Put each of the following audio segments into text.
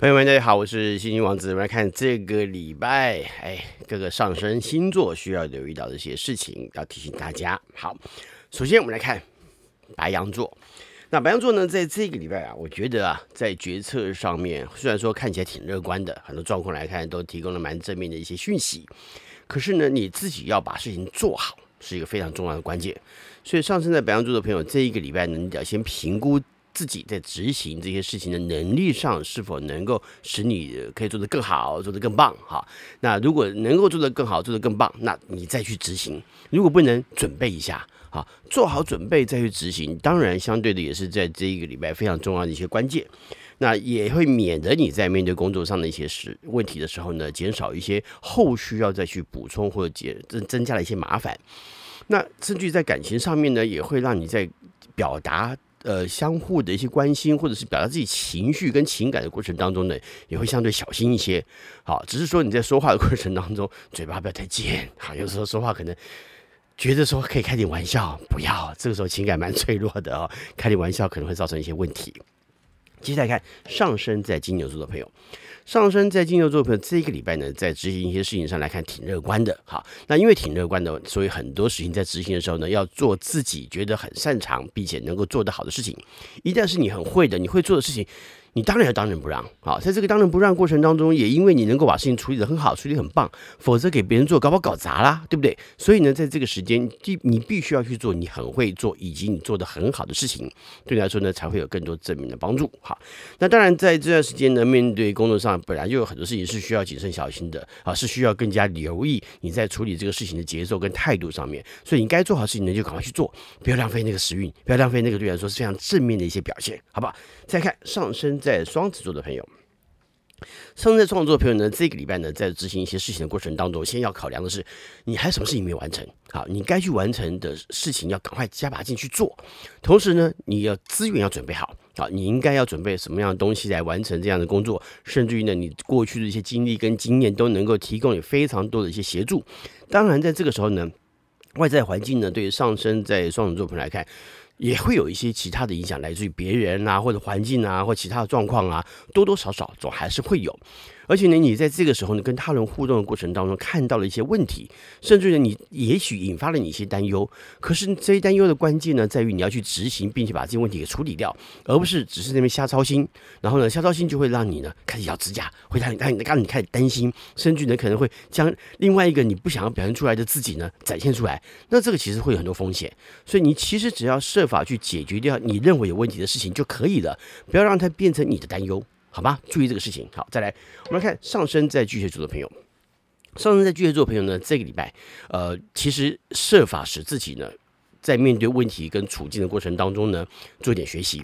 朋友們，大家好，我是星星王子。我們來看這個禮拜，哎，各個上升星座需要留意到的一些事情，要提醒大家。好，首先我們來看白羊座。那白羊座呢，在這個禮拜啊，我覺得啊，在決策上面，雖然說看起來挺樂觀的，很多狀況來看都提供了蠻正面的一些訊息，可是呢，你自己要把事情做好是一個非常重要的關鍵。所以上升在白羊座的朋友，這一個禮拜呢，你要先評估。自己在執行這些事情的能力上是否能夠使你可以做得更好，做得更棒？哈，那如果能夠做得更好，做得更棒，那你再去執行；如果不能，準備一下，哈，做好準備再去執行。當然，相對的也是在這一個禮拜非常重要的一些關鍵，那也會免得你在面對工作上的一些事問題的時候呢，減少一些後續要再去補充或者減增增加的一些麻煩。那甚至在感情上面呢，也會讓你在表達。呃，相互的一些關心，或者是表達自己情緒跟情感的過程當中呢，也會相對小心一些。好，只是說你在說話的過程當中，嘴巴不要太尖。好，有時候說話可能覺得說可以開點玩笑，不要這個時候情感蠻脆弱的哦，開點玩笑可能會造成一些問題。接下來看上升在金牛座的朋友，上升在金牛座朋友這個禮拜呢，在執行一些事情上來看挺樂觀的。好，那因為挺樂觀的，所以很多事情在執行的時候呢，要做自己覺得很擅長並且能夠做得好的事情。一旦是你很會的，你會做的事情。你當然要當仁不讓啊，在這個當仁不讓過程當中，也因為你能夠把事情處理得很好，處理很棒，否則給別人做搞不好搞砸啦，對不對？所以呢，在這個時間，你必你必須要去做你很會做以及你做得很好的事情，對你來說呢，才會有更多正面的幫助。好，那當然在這段時間呢，面對工作上本來就有很多事情是需要謹慎小心的啊，是需要更加留意你在處理這個事情的節奏跟態度上面。所以你該做好事情呢，就趕快去做，不要浪費那個時運，不要浪費那個對你來說是非常正面的一些表現，好不好？再看上升，在雙子座的朋友，上升在雙子座朋友呢，這個禮拜呢，在執行一些事情的過程當中，先要考量的是，你還有什麼事情沒完成。好，你該去完成的事情，要趕快加把勁去做。同時呢，你要資源要準備好。好，你應該要準備什麼樣的東西來完成這樣的工作？甚至於呢，你過去的一些經歷跟經驗，都能夠提供有非常多的一些協助。當然，在這個時候呢，外在環境呢，對於上升在雙子座朋友來看，也會有一些其他的影響，來自於別人啊，或者環境啊，或其他的狀況啊，多多少少總還是會有。而且呢，你在這個時候呢，跟他人互動的過程當中，看到了一些問題，甚至呢，你也許引發了你一些擔憂。可是，這些擔憂的關鍵呢，在於你要去執行，並且把這些問題給處理掉，而不是只是那邊瞎操心。然後呢，瞎操心就會讓你呢開始咬指甲，會讓你讓你讓你，讓你開始擔心，甚至呢可能會將另外一個你不想要表現出來的自己呢展現出來。那這個其實會有很多風險。所以，你其實只要設法去解決掉你認為有問題的事情就可以了，不要讓它變成你的擔憂。好吧，注意這個事情。好，再來，我們來看上升在巨蟹座的朋友。上升在巨蟹座的朋友呢，這個禮拜，呃，其實設法使自己呢，在面對問題跟處境的過程當中呢，做一點學習。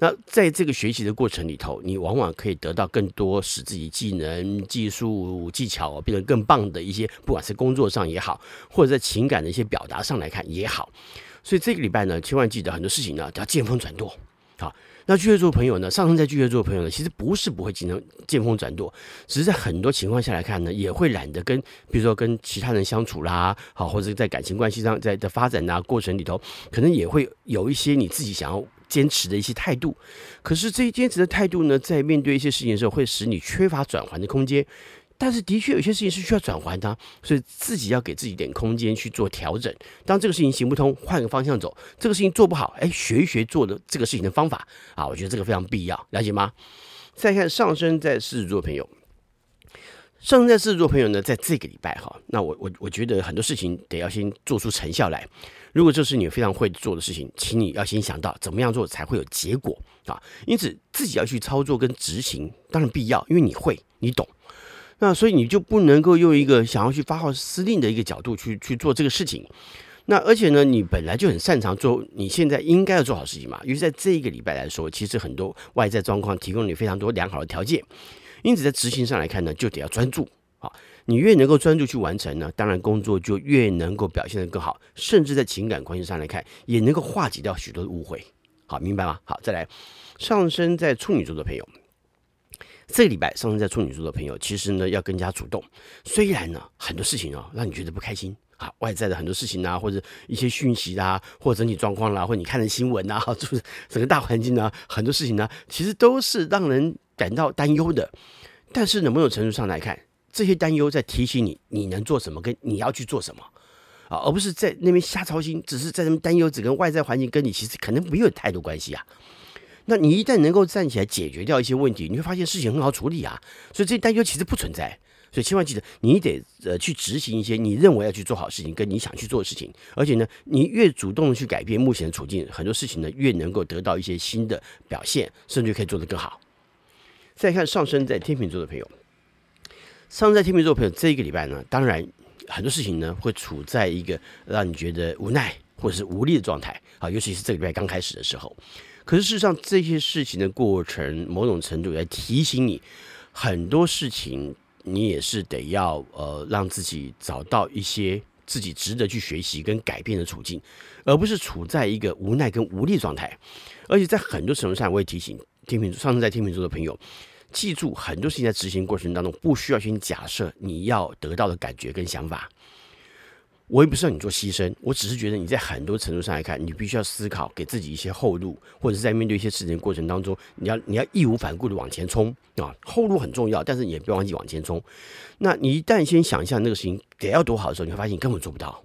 那在這個學習的過程裡頭，你往往可以得到更多使自己技能、技術、技巧變得更棒的一些，不管是工作上也好，或者在情感的一些表達上來看也好。所以這個禮拜呢，千萬記得很多事情呢，都要見風轉舵，好。那巨蟹座朋友呢？上升在巨蟹座的朋友呢，其實不是不會經常見風轉舵，只是在很多情況下來看呢，也會懶得跟，比如說跟其他人相處啦，好、啊，或者在感情關係上，在的發展吶、啊、過程裡頭，可能也會有一些你自己想要堅持的一些態度。可是這一堅持的態度呢，在面對一些事情的時候，會使你缺乏轉圜的空間。但是的確有些事情是需要轉換的、啊，所以自己要給自己一點空間去做調整。當這個事情行不通，換個方向走；這個事情做不好，哎、欸，學一學做的這個事情的方法啊，我覺得這個非常必要，了解嗎？再看上升在獅子座的朋友，上升在獅子座朋友呢，在這個禮拜哈，那我我我覺得很多事情得要先做出成效來。如果這是你非常會做的事情，請你要先想到怎麼樣做才會有結果啊。因此，自己要去操作跟執行，當然必要，因為你會，你懂。那所以你就不能夠用一個想要去發號施令的一個角度去去做這個事情，那而且呢，你本來就很擅長做你現在應該要做好事情嘛。尤其在這一個禮拜來說，其實很多外在狀況提供你非常多良好的條件，因此在執行上來看呢，就得要專注啊。你越能夠專注去完成呢，當然工作就越能夠表現得更好，甚至在情感關係上來看，也能夠化解掉許多的誤會。好，明白嗎？好，再來，上升在處女座的朋友。這個禮拜，上升在處女座的朋友，其實呢要更加主動。雖然呢很多事情哦讓你覺得不開心啊，外在的很多事情啊，或者一些訊息啊，或者整體狀況啦，啊，或者你看的新聞啊，就是整個大環境呢，啊，很多事情呢，啊，其實都是讓人感到擔憂的。但是，某種程度上來看，這些擔憂在提醒你，你能做什麼，跟你要去做什麼啊，而不是在那邊瞎操心，只是在那邊擔憂，只跟外在環境跟你其實可能沒有太多關係啊。那你一旦能夠站起來解決掉一些問題，你會發現事情很好處理啊，所以這擔憂其實不存在。所以千萬記得，你得呃去執行一些你認為要去做好事情，跟你想去做的事情。而且呢，你越主動去改變目前的處境，很多事情呢越能夠得到一些新的表現，甚至可以做得更好。再看上升在天秤座的朋友，上升在天秤座的朋友，這一個禮拜呢，當然很多事情呢會處在一個讓你覺得無奈或者是無力的狀態啊，尤其是這個禮拜剛開始的時候。可是事實上，這些事情的過程，某種程度來提醒你，很多事情你也是得要呃，讓自己找到一些自己值得去學習跟改變的處境，而不是處在一個無奈跟無力狀態。而且在很多程度上，我也提醒天秤座，上升在天秤座的朋友，記住很多事情在執行過程當中，不需要先假設你要得到的感覺跟想法。我也不是要你做犧牲，我只是覺得你在很多程度上來看，你必須要思考，給自己一些後路，或者是在面對一些事情的過程當中，你要你要義無反顧的往前衝啊、哦，後路很重要，但是你也不要忘記往前衝。那你一旦先想象那個事情得要多好的時候，你會發現你根本做不到。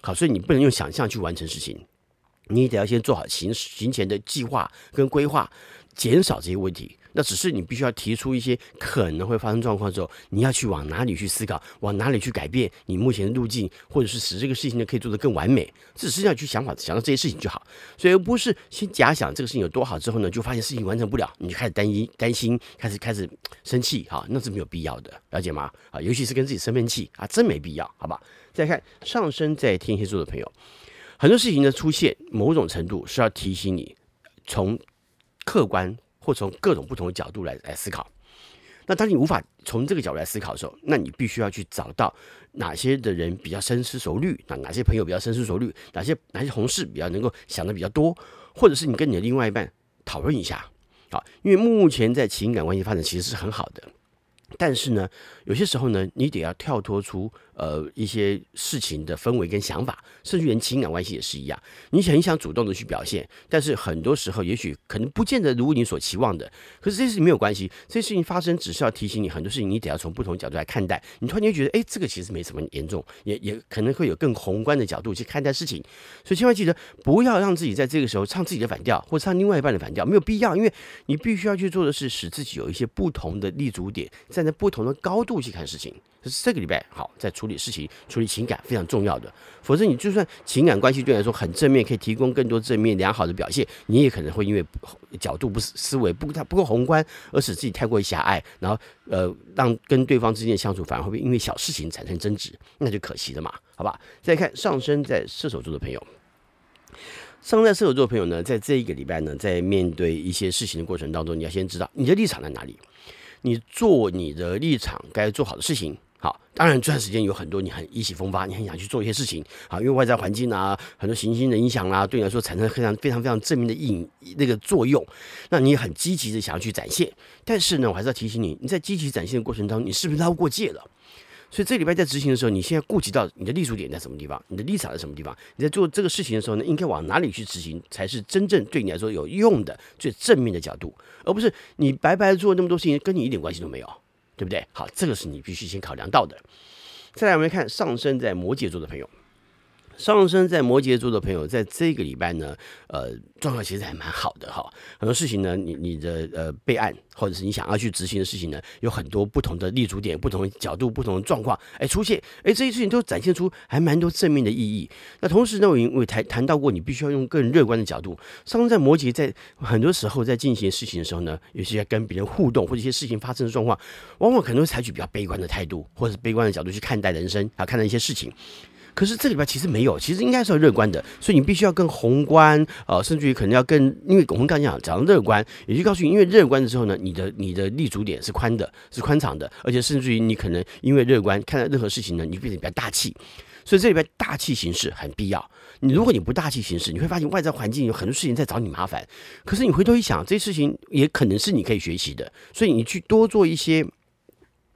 好，所以你不能用想象去完成事情，你得要先做好行行前的計劃跟規劃，減少這些問題。那只是你必須要提出一些可能會發生狀況之後，你要去往哪裡去思考，往哪裡去改變你目前的路徑，或者是使這個事情呢可以做得更完美。這只是要去想法想到這些事情就好，所以不是先假想這個事情有多好之後呢，就發現事情完成不了，你就開始擔心擔心，開始開始生氣哈、啊，那是沒有必要的，了解嗎？啊，尤其是跟自己生悶氣啊，真沒必要，好吧？再看上升在天蠍座的朋友，很多事情的出現，某種程度是要提醒你從客觀，或從各種不同的角度來來思考，那當你無法從這個角度來思考的時候，那你必須要去找到哪些的人比較深思熟慮啊，哪些朋友比較深思熟慮，哪些哪些同事比較能夠想得比較多，或者是你跟你的另外一半討論一下啊，因為目前在情感關係發展其實是很好的，但是呢，有些時候呢，你得要跳脫出。呃，一些事情的氛圍跟想法，甚至連情感關係也是一樣。你很想主動的去表現，但是很多時候，也許可能不見得如你所期望的。可是這些事情沒有關係，這些事情發生，只是要提醒你，很多事情你得要從不同角度來看待。你突然間覺得，誒，這個其實沒什麼嚴重，也也可能會有更宏觀的角度去看待事情。所以千萬記得，不要讓自己在這個時候唱自己的反調，或唱另外一半的反調，沒有必要，因為你必須要去做的是，使自己有一些不同的立足點，站在不同的高度去看事情。是這個禮拜好，在處理事情、處理情感，非常重要的。否則，你就算情感關係對來說很正面，可以提供更多正面良好的表現，你也可能會因為角度不思維不它不夠宏觀，而使自己太過於狹隘，然後呃，讓跟對方之間的相處反而會因為小事情產生爭執，那就可惜了嘛？好吧。再看上升在射手座的朋友，上升在射手座的朋友呢，在這一個禮拜呢，在面對一些事情的過程當中，你要先知道你的立場在哪裡，你做你的立場該做好的事情。好，當然這段時間有很多你很意氣風發，你很想去做一些事情啊，因為外在環境啊，很多行星的影響啊，對你來說產生非常非常非常正面的影那個作用。那你很積極的想要去展現，但是呢，我還是要提醒你，你在積極展現的過程當中，你是不是撈過界了？所以這禮拜在執行的時候，你現在顧及到你的立足點在什麼地方，你的立場在什麼地方？你在做這個事情的時候呢，應該往哪裡去執行，才是真正對你來說有用的、最正面的角度，而不是你白白做那麼多事情，跟你一點關係都沒有。對不對？好，這個是你必須先考量到的。再來，我們看上升在摩羯座的朋友。上升在摩羯座的朋友，在這個禮拜呢，呃，狀況其實還蠻好的哈。很多事情呢，你你的呃備案，或者是你想要去執行的事情呢，有很多不同的立足點、不同的角度、不同的狀況哎出現哎，這些事情都展現出還蠻多正面的意義。那同時呢，我因為談談到過，你必須要用更樂觀的角度。上升在摩羯，在很多時候在進行事情的時候呢，有些跟別人互動，或者一些事情發生的狀況，往往可能會採取比較悲觀的態度，或者是悲觀的角度去看待人生啊，看待一些事情。可是這裡邊其實沒有，其實應該是要樂觀的，所以你必須要更宏觀，呃，甚至於可能要更，因為我們剛剛講講到樂觀，也就告訴你，因為樂觀的時候呢，你的你的立足點是寬的，是寬敞的，而且甚至於你可能因為樂觀看待任何事情呢，你就變得比較大氣。所以這裡邊大氣行事很必要。你如果你不大氣行事，你會發現外在環境有很多事情在找你麻煩。可是你回頭一想，這事情也可能是你可以學習的，所以你去多做一些。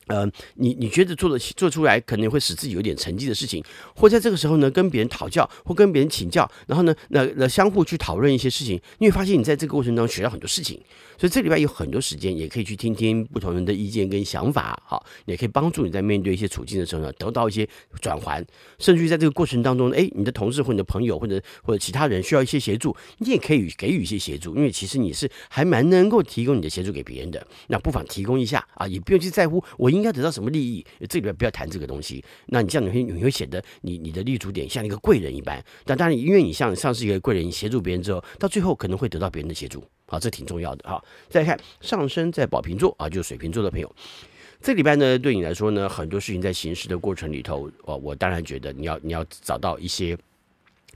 呃，你你覺得做的做出來可能會使自己有點成績的事情，或在這個時候呢，跟別人討教，或跟別人請教，然後呢，那、呃、那、呃、相互去討論一些事情，你會發現你在這個過程當中學到很多事情。所以這禮拜有很多時間，也可以去聽聽不同人的意見跟想法，好、啊，也可以幫助你在面對一些處境的時候呢、啊，得到一些轉圜。甚至於在這個過程當中，哎，你的同事或者你的朋友或者或者其他人需要一些協助，你也可以給予一些協助，因為其實你是還蠻能夠提供你的協助給別人的。那不妨提供一下啊，也不用去在乎我應。應該得到什麼利益？這裡邊不要談這個東西。那你這樣，你會你會顯得你你的立足點像一個貴人一般，但當然因為你像像是一個貴人，你協助別人之後，到最後可能會得到別人的協助。好、啊，這挺重要的哈、啊。再來看上升在寶瓶座啊，就是水瓶座的朋友，這裡邊呢，對你來說呢，很多事情在行事的過程裡頭，哦，我當然覺得你要你要找到一些，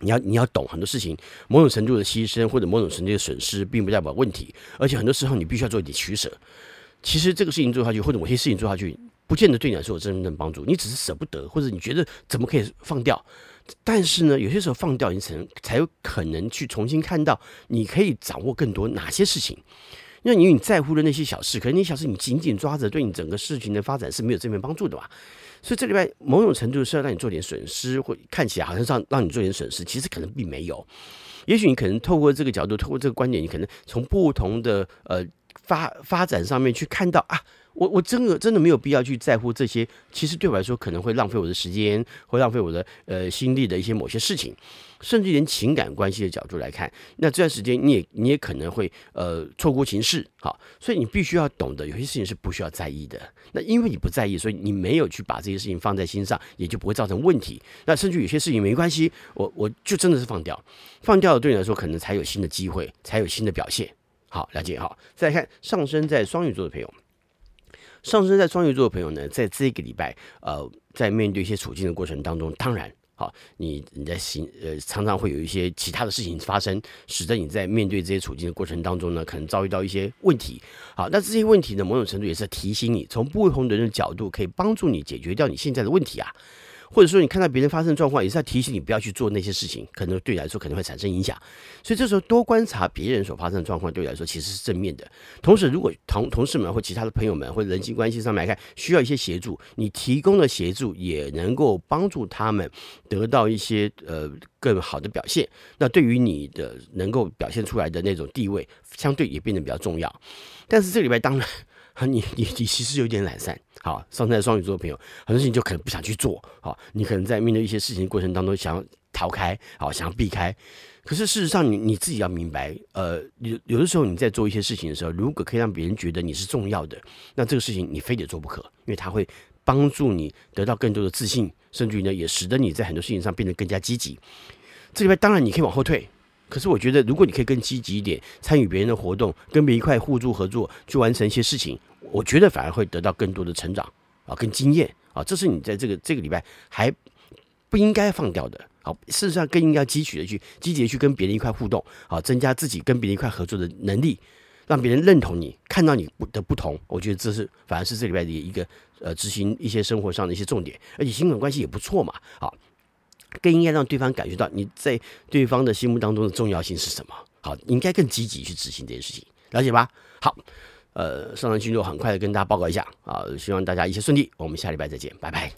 你要你要懂很多事情，某種程度的犧牲或者某種程度的損失，並不代表問題，而且很多時候你必須要做一點取捨。其實這個事情做下去，或者某些事情做下去，不見得對你來說有真正的幫助。你只是捨不得，或者你覺得怎麼可以放掉。但是呢，有些時候放掉，你才能才有可能去重新看到，你可以掌握更多哪些事情。因為你在乎的那些小事，可能你小事你緊緊抓着，對你整個事情的發展是沒有正面幫助的吧。所以這裡邊某種程度是要讓你做點損失，或看起來好像讓讓你做點損失，其實可能並沒有。也許你可能透過這個角度，透過這個觀點，你可能從不同的呃。發發展上面去看到啊，我我真的真的沒有必要去在乎這些，其實對我來說可能會浪費我的時間，會浪費我的呃心力的一些某些事情，甚至連情感關係的角度來看，那這段時間你也你也可能會呃錯估情勢哈，所以你必須要懂得有些事情是不需要在意的，那因為你不在意，所以你沒有去把這些事情放在心上，也就不會造成問題。那甚至有些事情沒關係，我我就真的是放掉，放掉的對你來說可能才有新的機會，才有新的表現。好，了解。好，再來看上升在雙魚座的朋友，上升在雙魚座的朋友呢，在這個禮拜，呃，在面對一些處境的過程當中，當然，好，你你在行，呃，常常會有一些其他的事情發生，使得你在面對這些處境的過程當中呢，可能遭遇到一些問題。好，那這些問題呢，某種程度也是提醒你，從不同的人的角度可以幫助你解決掉你現在的問題啊。或者說，你看到別人發生狀況，也是在提醒你不要去做那些事情，可能對你來說可能會產生影響。所以這時候多觀察別人所發生的狀況，對你來說其實是正面的。同時，如果同同事們或其他的朋友們或人際關係上面來看，需要一些協助，你提供的協助也能夠幫助他們得到一些呃更好的表現。那對於你的能夠表現出來的那種地位，相對也變得比較重要。但是這個禮拜當然，啊、你你你其實有點懶散。好，上升在雙魚座的朋友，很多事情就可能不想去做。好，你可能在面對一些事情過程當中，想要逃開，好，想要避開。可是事實上你，你你自己要明白，呃，有有的時候你在做一些事情的時候，如果可以讓別人覺得你是重要的，那這個事情你非得做不可，因為它會幫助你得到更多的自信，甚至於呢，也使得你在很多事情上變得更加積極。這禮拜當然你可以往後退，可是我覺得，如果你可以更積極一點，參與別人的活動，跟別人一塊互助合作，去完成一些事情。我覺得反而會得到更多的成長啊，跟經驗啊，這是你在這個這個禮拜還不應該放掉的好、啊，事實上，更應該積極的去積極的去跟別人一塊互動好、啊、增加自己跟別人一塊合作的能力，讓別人認同你，看到你的不同。我覺得這是反而是這禮拜的一個呃執行一些生活上的一些重點，而且情感關係也不錯嘛好、啊，更應該讓對方感覺到你在對方的心目當中的重要性是什麼？好、啊，應該更積極去執行這件事情，了解吧？好。呃，上升星座很快的跟大家報告一下啊，希望大家一切順利，我們下禮拜再見，拜拜。